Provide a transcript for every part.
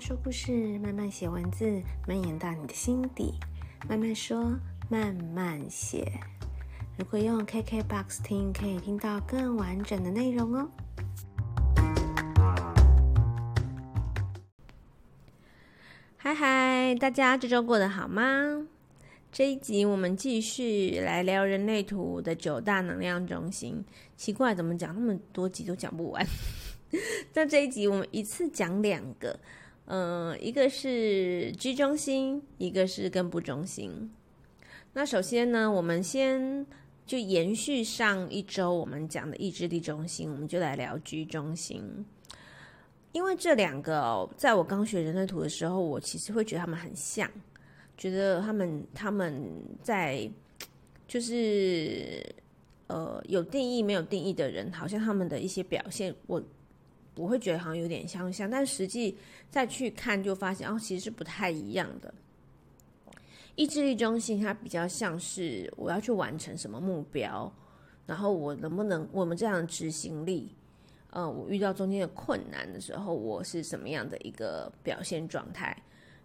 說故事，慢慢寫文字，蔓延到你的心底。慢慢說，慢慢寫。如果用 KK Box 聽，可以聽到更完整的內容哦。嗨嗨，大家這週過得好嗎？這一集我們繼續來聊人類圖的九大能量中心。奇怪，怎麼講那麼多集都講不完？在 這一集我們一次講兩個。嗯、呃，一個是 G 中心，一個是根部中心。那首先呢，我們先就延續上一周我們講的意志力中心，我們就來聊 G 中心。因為這兩個、哦，在我剛學人類圖的時候，我其實會覺得他們很像，覺得他們他們在就是呃有定義沒有定義的人，好像他們的一些表現，我。我會覺得好像有點相像，但實際再去看就發現，哦，其實是不太一樣的。意志力中心，它比較像是我要去完成什麼目標，然後我能不能我們這樣的執行力，嗯、呃，我遇到中間的困難的時候，我是什麼樣的一個表現狀態？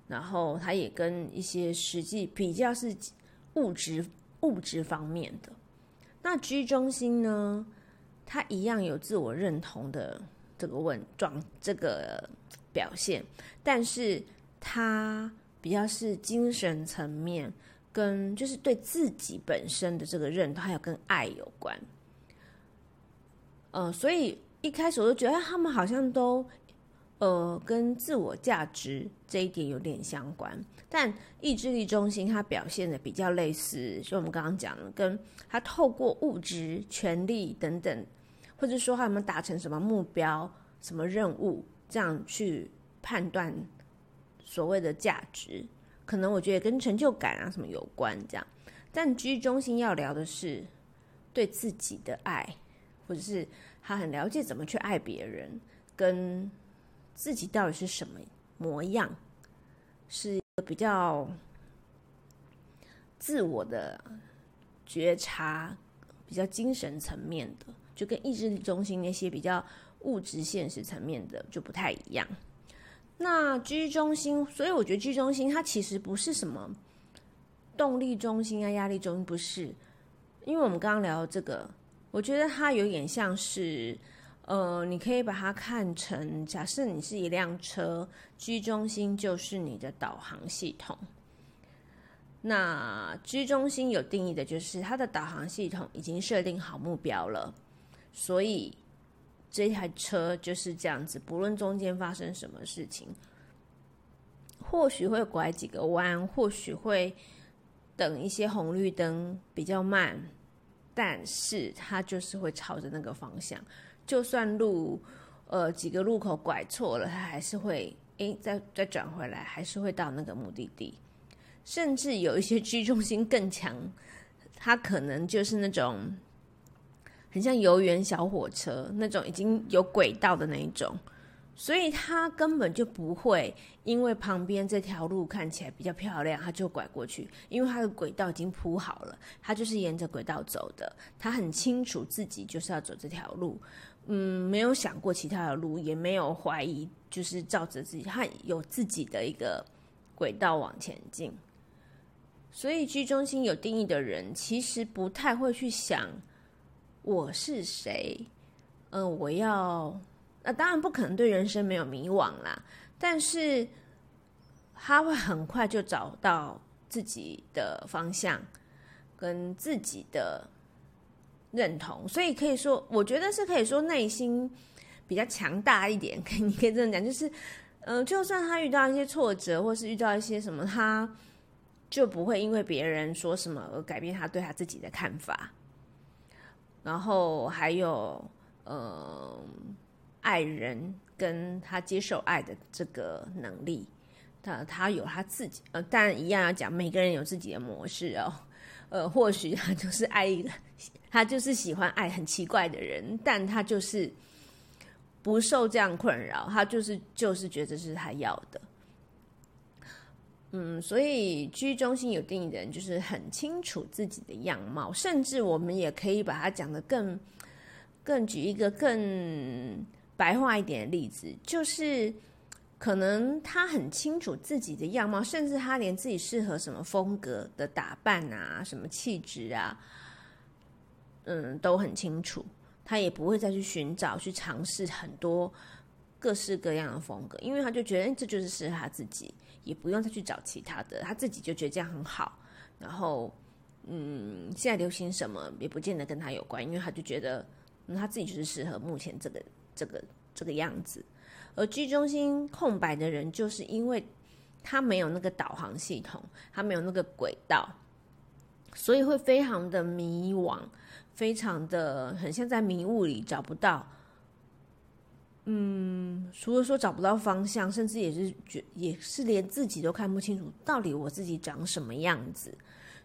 然後它也跟一些實際比較是物質物質方面的。那 G 中心呢，它一樣有自我認同的。這個穩狀，這個表現，但是他比較是精神層面跟，跟就是對自己本身的這個認同，還有跟愛有關。嗯、呃，所以一開始我就覺得他們好像都，呃，跟自我價值這一點有點相關。但意志力中心，它表現的比較類似，就我們剛剛講的，跟他透過物質、權力等等。或者說他有沒有達成什麼目標、什麼任務，這樣去判斷所謂的價值，可能我覺得跟成就感啊什麼有關這樣。但 G 中心要聊的是對自己的愛，或者是他很了解怎麼去愛別人，跟自己到底是什麼模樣，是一個比較自我的覺察，比較精神層面的。就跟意志力中心那些比較物質現實層面的就不太一樣。那 G 中心，所以我覺得 G 中心它其實不是什麼動力中心啊、壓力中心，不是。因為我們剛剛聊這個，我覺得它有點像是，呃，你可以把它看成，假設你是一輛車，G 中心就是你的導航系統。那 G 中心有定義的就是它的導航系統已經設定好目標了。所以，這台車就是這樣子，不論中間發生什麼事情，或許會拐幾個彎，或許會等一些紅綠燈比較慢，但是它就是會朝着那個方向。就算路呃幾個路口拐錯了，它還是會誒再再轉回來，還是會到那個目的地。甚至有一些 G 中心更強，它可能就是那種。很像遊園小火車那種已經有軌道的那一種，所以他根本就不會因為旁邊這條路看起來比較漂亮，他就拐過去。因為他的軌道已經鋪好了，他就是沿着軌道走的。他很清楚自己就是要走這條路，嗯，沒有想過其他的路，也沒有懷疑，就是照着自己，他有自己的一個軌道往前進。所以 G 中心有定義的人，其實不太會去想。我是誰？嗯、呃，我要……那、呃、當然不可能對人生沒有迷惘啦。但是他會很快就找到自己的方向跟自己的認同，所以可以說，我覺得是可以說內心比較強大一點。可以，你可以這樣講，就是嗯、呃，就算他遇到一些挫折，或是遇到一些什麼，他就不會因為別人說什麼而改變他對他自己的看法。然後還有，嗯、呃，愛人跟他接受愛的這個能力，他他有他自己，呃，但一樣要講，每個人有自己的模式哦。呃，或許他就是愛一個，他就是喜歡愛很奇怪的人，但他就是不受這樣困擾，他就是就是覺得是他要的。嗯，所以 G 中心有定義的人，就是很清楚自己的樣貌，甚至我們也可以把它講得更更舉一個更白話一點的例子，就是可能他很清楚自己的樣貌，甚至他連自己適合什麼風格的打扮啊，什麼氣質啊，嗯，都很清楚，他也不會再去尋找去嘗試很多，各式各樣的風格，因為他就覺得，欸、這就是適合他自己，也不用再去找其他的，他自己就覺得這樣很好。然後，嗯，現在流行什麼也不見得跟他有關，因為他就覺得，嗯、他自己就是適合目前這個這個這個樣子。而 G 中心空白的人，就是因為他沒有那個導航系統，他沒有那個軌道，所以會非常的迷惘，非常的很像在迷霧裡找不到。嗯，除了說找不到方向，甚至也是覺也是連自己都看不清楚到底我自己長什麼樣子，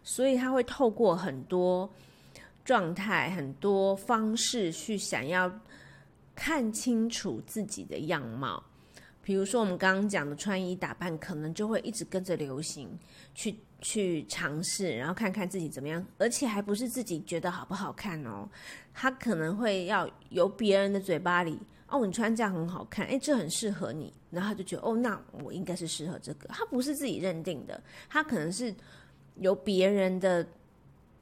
所以他會透過很多狀態、很多方式去想要看清楚自己的樣貌。比如說我們剛剛講的穿衣打扮，可能就會一直跟着流行去去嘗試，然後看看自己怎麼樣，而且還不是自己覺得好不好看哦，他可能會要由別人的嘴巴裡。哦，你穿這樣很好看，哎，這很適合你。然後他就覺得，哦，那我應該是適合這個。他不是自己認定的，他可能是由別人的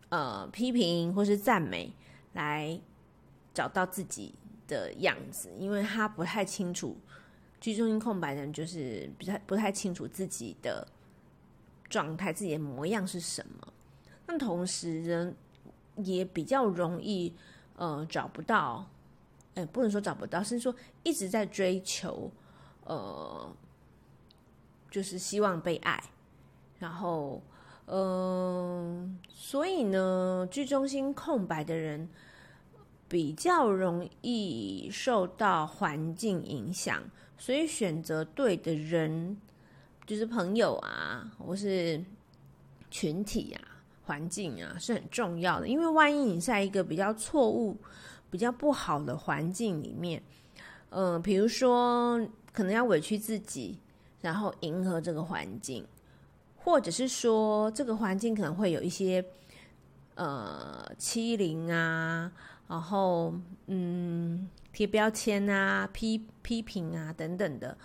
呃批評或是讚美來找到自己的樣子，因為他不太清楚，G 中心空白人就是不太不太清楚自己的狀態、自己的模樣是什麼。那同時，人也比較容易呃找不到。哎，不能說找不到，是說一直在追求，呃，就是希望被愛，然後，嗯、呃，所以呢，G 中心空白的人比較容易受到環境影響，所以選擇對的人，就是朋友啊，或是群體啊、環境啊，是很重要的。因為萬一你在一個比較錯誤。比較不好的環境裡面，嗯、呃，比如說可能要委屈自己，然後迎合這個環境，或者是說這個環境可能會有一些呃欺凌啊，然後嗯貼標籤啊、批批評啊等等的，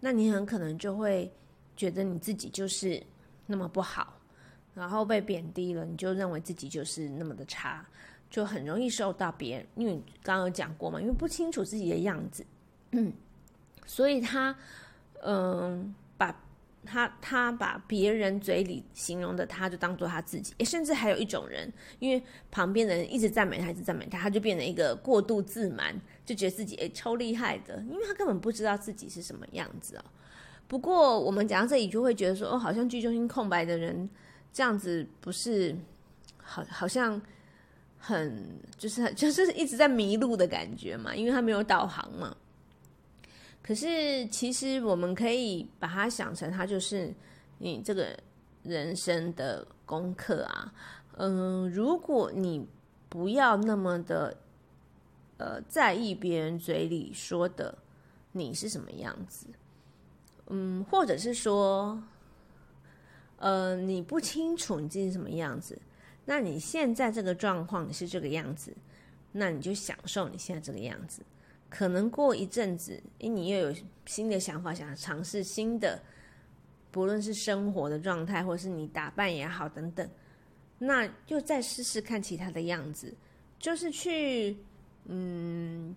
那你很可能就會覺得你自己就是那麼不好，然後被貶低了，你就認為自己就是那麼的差。就很容易受到別人，因為剛剛有講過嘛，因為不清楚自己的樣子， 所以他嗯，把他他把別人嘴裡形容的他就當做他自己，欸，甚至還有一種人，因為旁邊的人一直讚美他，一直讚美他，他就變成一個過度自滿，就覺得自己哎、欸、超厲害的，因為他根本不知道自己是什麼樣子哦。不過我們講到這裡就會覺得說，哦，好像 G 中心空白的人這樣子不是好，好像。很就是就是一直在迷路的感覺嘛，因為他沒有導航嘛。可是其實我們可以把它想成，它就是你這個人生的功課啊。嗯，如果你不要那麼的呃在意別人嘴裡說的你是什麼樣子，嗯，或者是說，呃，你不清楚你自己是什麼樣子。那你現在這個狀況，是這個樣子，那你就享受你現在這個樣子。可能過一陣子，誒，你又有新的想法，想要嘗試新的，不論是生活的狀態，或是你打扮也好等等，那又再試試看其他的樣子，就是去嗯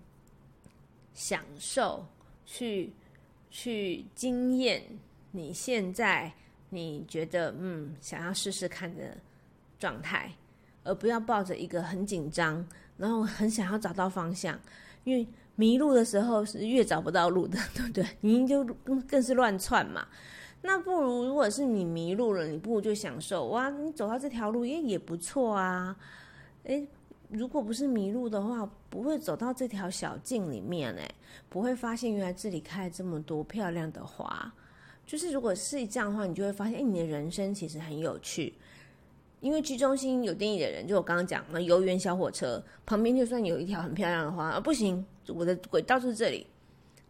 享受，去去經驗你現在你覺得嗯想要試試看的狀態，而不要抱着一個很緊張，然後很想要找到方向，因為迷路的時候是越找不到路的，對不對？你就更是亂竄嘛。那不如，如果是你迷路了，你不如就享受哇，你走到這條路也也不錯啊。誒，如果不是迷路的話，不會走到這條小徑裡面，欸，哎，不會發現原來這裡開了這麼多漂亮的花。就是如果是這樣的話，你就會發現，哎，你的人生其實很有趣。因為 G 中心有定義的人，就我剛剛講，那遊園小火車旁邊就算有一條很漂亮的花，啊不行，我的軌道是這裡，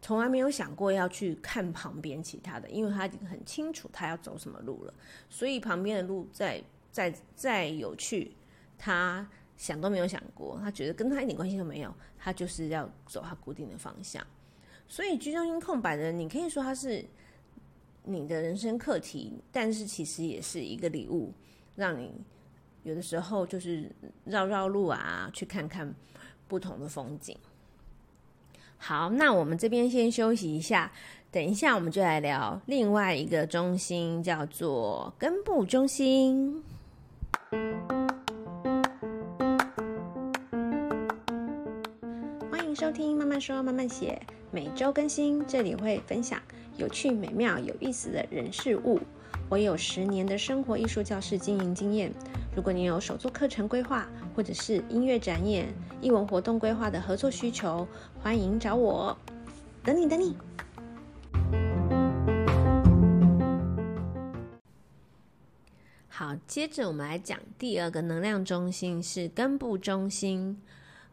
從來沒有想過要去看旁邊其他的，因為他已經很清楚他要走什麼路了。所以旁邊的路再再再有趣，他想都沒有想過，他覺得跟他一點關係都沒有，他就是要走他固定的方向。所以 G 中心空白的人，你可以說他是你的人生課題，但是其實也是一個禮物。讓你有的時候就是繞繞路啊，去看看不同的風景。好，那我們這邊先休息一下，等一下我們就來聊另外一個中心，叫做根部中心。歡迎收聽《蔓蔓說蔓蔓寫》，每周更新，這裡會分享有趣、美妙、有意思的人事物。我有十年的生活藝術教室經營經驗。如果你有手作課程規劃，或者是音樂展演、藝文活動規劃的合作需求，歡迎找我。等你，等你。好，接着我們來講第二個能量中心，是根部中心。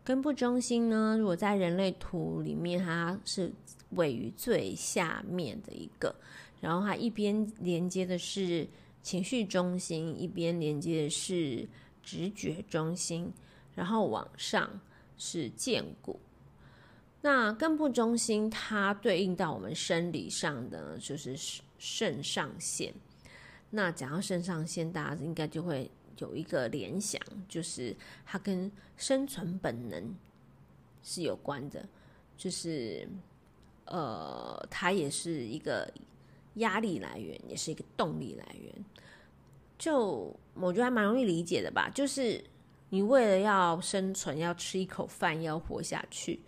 根部中心呢，如果在人類圖裡面，它是位於最下面的一個。然後它一邊連接的是情緒中心，一邊連接的是直覺中心，然後往上是薦骨。那根部中心它對應到我們生理上的就是腎上腺。那講到腎上腺，大家應該就會有一個聯想，就是它跟生存本能是有關的，就是呃，它也是一個。壓力來源也是一個動力來源，就我覺得還蠻容易理解的吧。就是你為了要生存，要吃一口飯，要活下去，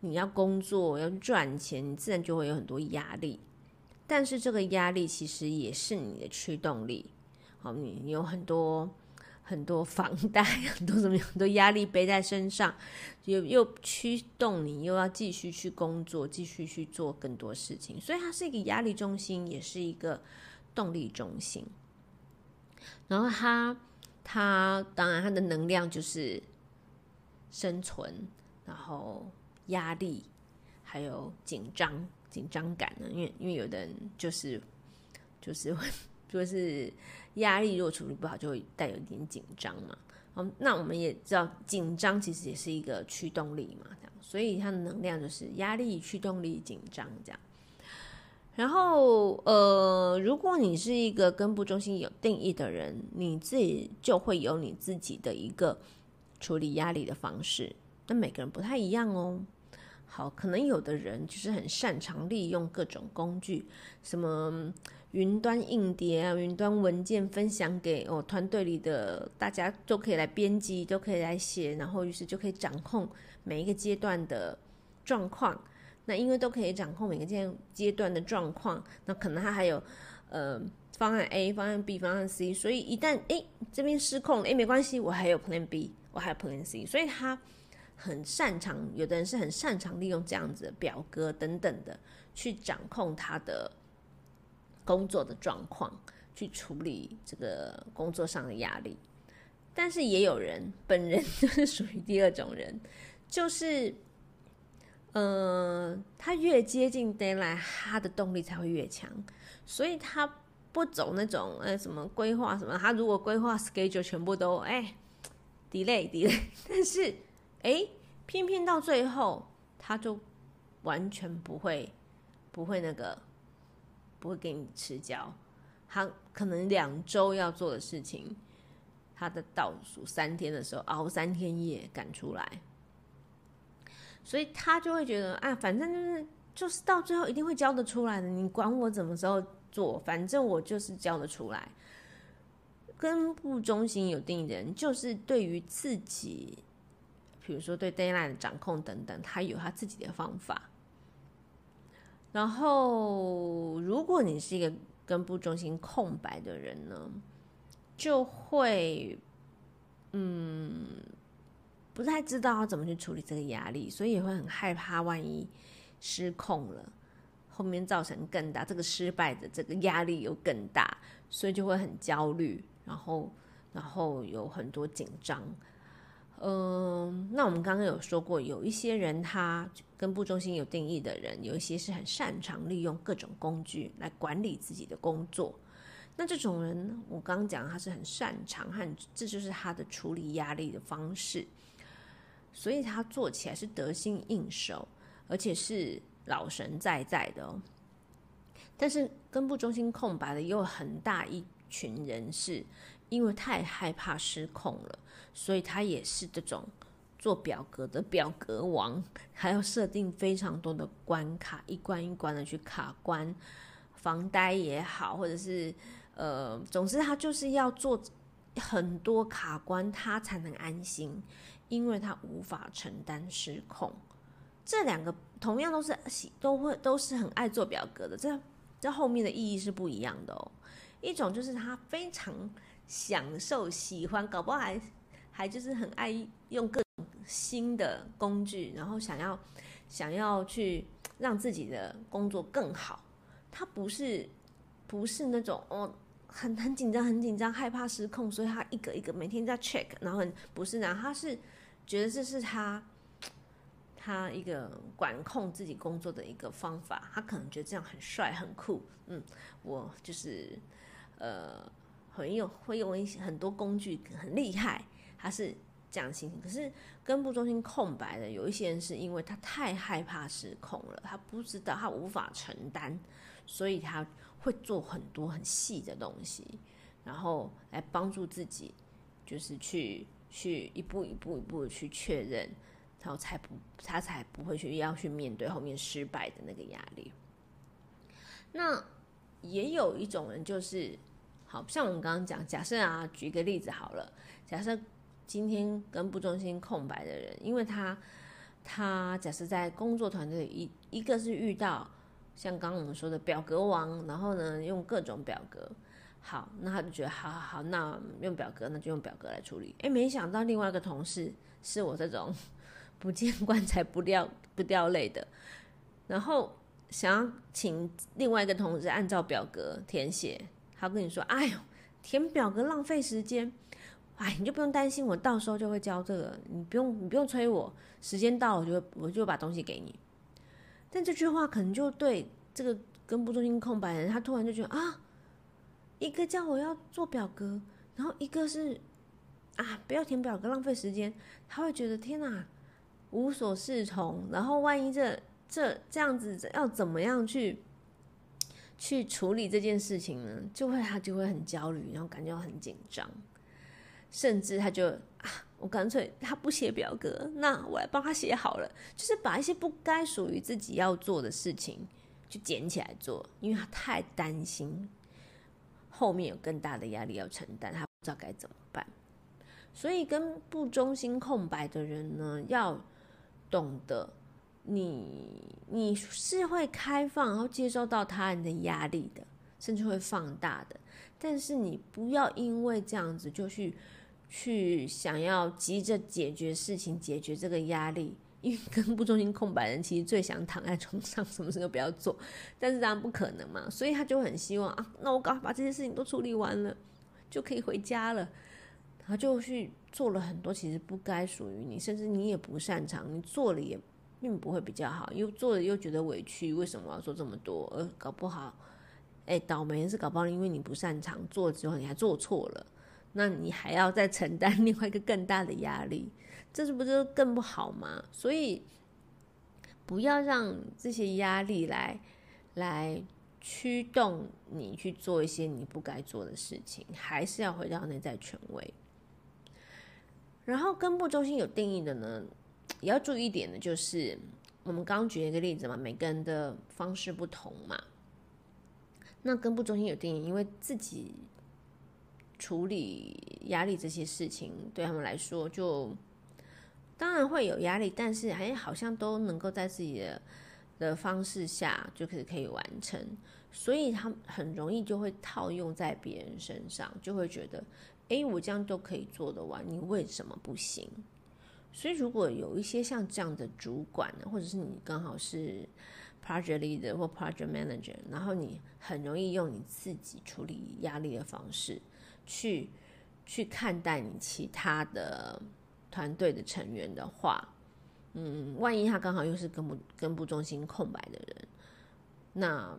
你要工作，要賺錢，你自然就會有很多壓力。但是這個壓力其實也是你的驅動力，好，你有很多。很多房貸，很多怎麼樣，很多壓力背在身上，又又驅動你又要繼續去工作，繼續去做更多事情，所以它是一個壓力中心，也是一個動力中心。然後它它當然它的能量就是生存，然後壓力還有緊張緊張感呢，因為因為有的人就是就是。就是壓力，如果處理不好，就會帶有一點緊張嘛。好，那我們也知道，緊張其實也是一個驅動力嘛這樣，所以它的能量就是壓力、驅動力、緊張這樣。然後，呃，如果你是一個根部中心有定義的人，你自己就會有你自己的一個處理壓力的方式。那每個人不太一樣哦。好，可能有的人就是很擅長利用各種工具，什麼雲端硬碟啊、雲端文件分享給我團隊裡的大家都可以來編輯，都可以來寫，然後於是就可以掌控每一個階段的狀況。那因為都可以掌控每個階階段的狀況，那可能他還有呃方案 A、方案 B、方案 C，所以一旦哎、欸、這邊失控了誒哎、欸、沒關係，我還有 Plan B，我還有 Plan C，所以他。很擅長，有的人是很擅長利用這樣子的表格等等的去掌控他的工作的狀況，去處理這個工作上的壓力。但是也有人本人就是屬於第二種人，就是，嗯、呃，他越接近 deadline 他的動力才會越強，所以他不走那種呃什麼規劃什麼，他如果規劃 schedule 全部都哎、欸、delay delay，但是。哎，偏偏到最後，他就完全不會，不會那個，不會給你遲交。他可能兩周要做的事情，他的倒數三天的時候熬三天夜趕出來，所以他就會覺得啊，反正就是就是到最後一定會交得出來的，你管我什麼時候做，反正我就是交得出來。根部中心有定義的人，就是對於自己。比如說對 deadline 的掌控等等，他有他自己的方法。然後，如果你是一個根部中心空白的人呢，就會，嗯，不太知道要怎麼去處理這個壓力，所以也會很害怕，萬一失控了，後面造成更大這個失敗的這個壓力又更大，所以就會很焦慮，然後，然後有很多緊張。嗯、呃，那我們剛剛有說過，有一些人他根部中心有定義的人，有一些是很擅長利用各種工具來管理自己的工作。那這種人，我剛剛講他是很擅長和，這就是他的處理壓力的方式，所以他做起來是得心應手，而且是老神在在的，哦。但是根部中心空白的也有很大一群人士。因為太害怕失控了，所以他也是這種做表格的表格王，還要設定非常多的關卡，一關一關的去卡關，防呆也好，或者是呃，總之他就是要做很多卡關，他才能安心，因為他無法承擔失控。這兩個同樣都是都會都是很愛做表格的，這這後面的意義是不一樣的哦。一種就是他非常。享受、喜歡，搞不好還還就是很愛用各種新的工具，然後想要想要去讓自己的工作更好。他不是不是那種哦，很很緊張、很緊張，害怕失控，所以他一個一個每天在 check，然後很不是那樣，他是覺得這是他他一個管控自己工作的一個方法。他可能覺得這樣很帥、很酷。嗯，我就是呃。很有，會用一些很多工具很厲害，他是這樣的心情。可是根部中心空白的，有一些人是因為他太害怕失控了，他不知道他無法承擔，所以他會做很多很細的東西，然後來幫助自己，就是去去一步一步一步的去確認，然後才不他才不會去要去面對後面失敗的那個壓力。那也有一種人就是。好像我們剛剛講，假設啊，舉一個例子好了。假設今天根部中心空白的人，因為他他假設在工作團隊裡一一個是遇到像剛剛我們說的表格王，然後呢用各種表格，好，那他就覺得好好好，那用表格那就用表格來處理。哎，沒想到另外一個同事是我這種不見棺材不掉不掉淚的，然後想要請另外一個同事按照表格填寫。他跟你說：“哎呦，填表格浪費時間，哎，你就不用擔心，我到時候就會交這個，你不用你不用催我，時間到了就我就會我就把東西給你。”但這句話可能就對這個根部中心空白的人，他突然就覺得啊，一個叫我要做表格，然後一個是啊不要填表格浪費時間，他會覺得天哪、啊，無所適從。然後萬一這這這樣子要怎麼樣去？去處理這件事情呢，就會他就會很焦慮，然後感覺很緊張，甚至他就啊，我乾脆他不寫表格，那我來幫他寫好了，就是把一些不該屬於自己要做的事情就撿起來做，因為他太擔心後面有更大的壓力要承擔，他不知道該怎麼辦，所以根部中心空白的人呢，要懂得。你你是會開放，然後接收到他人的壓力的，甚至會放大的。但是你不要因為這樣子就去去想要急着解決事情，解決這個壓力，因為根部中心空白人其實最想躺在床上，什麼事都不要做。但是當然不可能嘛，所以他就很希望啊，那我趕快把這些事情都處理完了，就可以回家了。他就去做了很多其實不該屬於你，甚至你也不擅長，你做了也。並不會比較好，又做了又覺得委屈，為什麼我要做這麼多？呃，搞不好，哎、欸，倒霉是搞不好，因為你不擅長做之後你還做錯了，那你還要再承擔另外一個更大的壓力，這是不是更不好嗎？所以不要讓這些壓力來來驅動你去做一些你不該做的事情，還是要回到內在權威。然後根部中心有定義的呢。也要注意一點的就是我們剛剛舉一個例子嘛，每個人的方式不同嘛。那根部中心有定義，因為自己處理壓力這些事情，對他們來說就當然會有壓力，但是還好像都能夠在自己的的方式下就是可以完成，所以他們很容易就會套用在別人身上，就會覺得哎，我這樣都可以做得完，你為什麼不行？所以，如果有一些像這樣的主管呢，或者是你剛好是 project leader 或 project manager，然後你很容易用你自己處理壓力的方式去去看待你其他的團隊的成員的話，嗯，萬一他剛好又是根部根部中心空白的人，那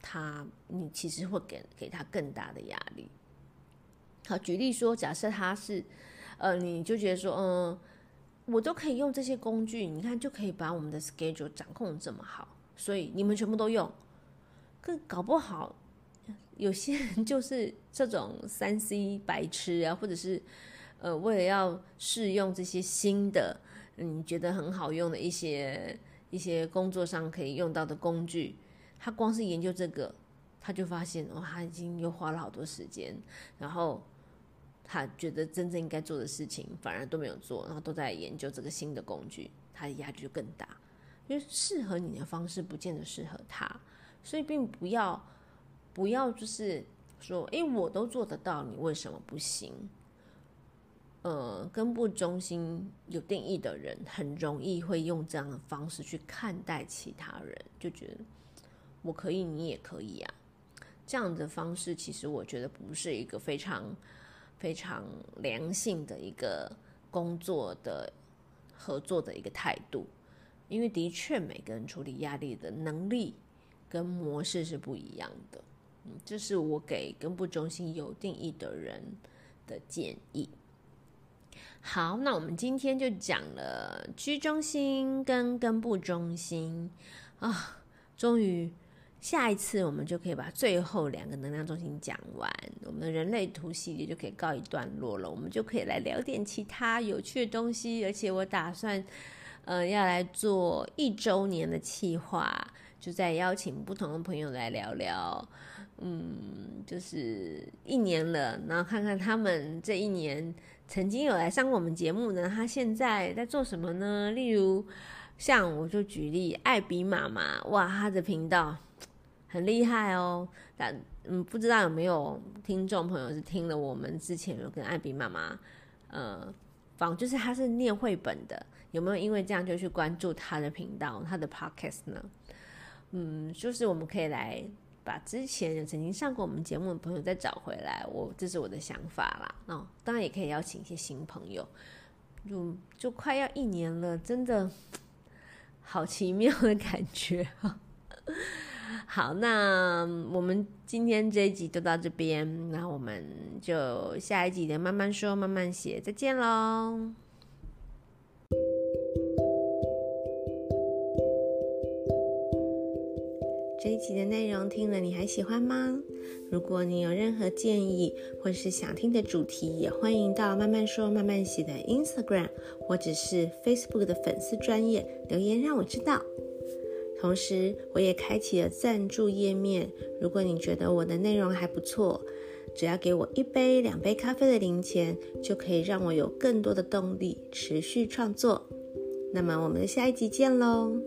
他你其實會給給他更大的壓力。好，舉例說，假設他是，呃，你就覺得說，嗯。我都可以用這些工具，你看就可以把我們的 schedule 掌控這麼好，所以你們全部都用。可搞不好，有些人就是這種三 C 白痴啊，或者是呃，為了要試用這些新的，你、嗯、覺得很好用的一些一些工作上可以用到的工具，他光是研究這個，他就發現哇，他已經又花了好多時間，然後。他覺得真正應該做的事情，反而都沒有做，然後都在研究這個新的工具，他的壓力就更大。因為適合你的方式，不見得適合他，所以並不要不要就是說，誒，我都做得到，你為什麼不行？呃，根部中心有定義的人，很容易會用這樣的方式去看待其他人，就覺得我可以，你也可以啊。這樣的方式，其實我覺得不是一個非常。非常良性的一個工作的合作的一個態度，因為的確每個人處理壓力的能力跟模式是不一樣的。嗯，這是我給根部中心有定義的人的建議。好，那我們今天就講了 G 中心跟根部中心啊、哦，終於。下一次我們就可以把最後兩個能量中心講完，我們的人類圖系列就可以告一段落了。我們就可以來聊點其他有趣的東西，而且我打算，呃，要來做一週年的企劃，就再邀請不同的朋友來聊聊，嗯，就是一年了，然後看看他們這一年曾經有來上過我們節目呢，他現在在做什麼呢？例如，像我就舉例艾比媽媽，哇，他的頻道。很厲害哦，但嗯，不知道有沒有聽眾朋友是聽了我們之前有跟艾比媽媽，呃，就是他是念繪本的，有沒有因為這樣就去關注他的頻道、他的 podcast 呢？嗯，就是我們可以來把之前有曾經上過我們節目的朋友再找回來，我這是我的想法啦。哦，當然也可以邀請一些新朋友。就就快要一年了，真的，好奇妙的感覺 好，那我們今天這一集就到這邊，然後我們就下一集的慢慢說、慢慢寫，再見嘍。這一集的內容聽了你還喜歡嗎？如果你有任何建議或是想聽的主題，也歡迎到慢慢說、慢慢寫的 Instagram 或者是 Facebook 的粉絲專頁留言，讓我知道。同時，我也開啟了贊助頁面。如果你覺得我的內容還不錯，只要給我一杯、兩杯咖啡的零錢，就可以讓我有更多的動力持續創作。那麼，我們下一集見嘍！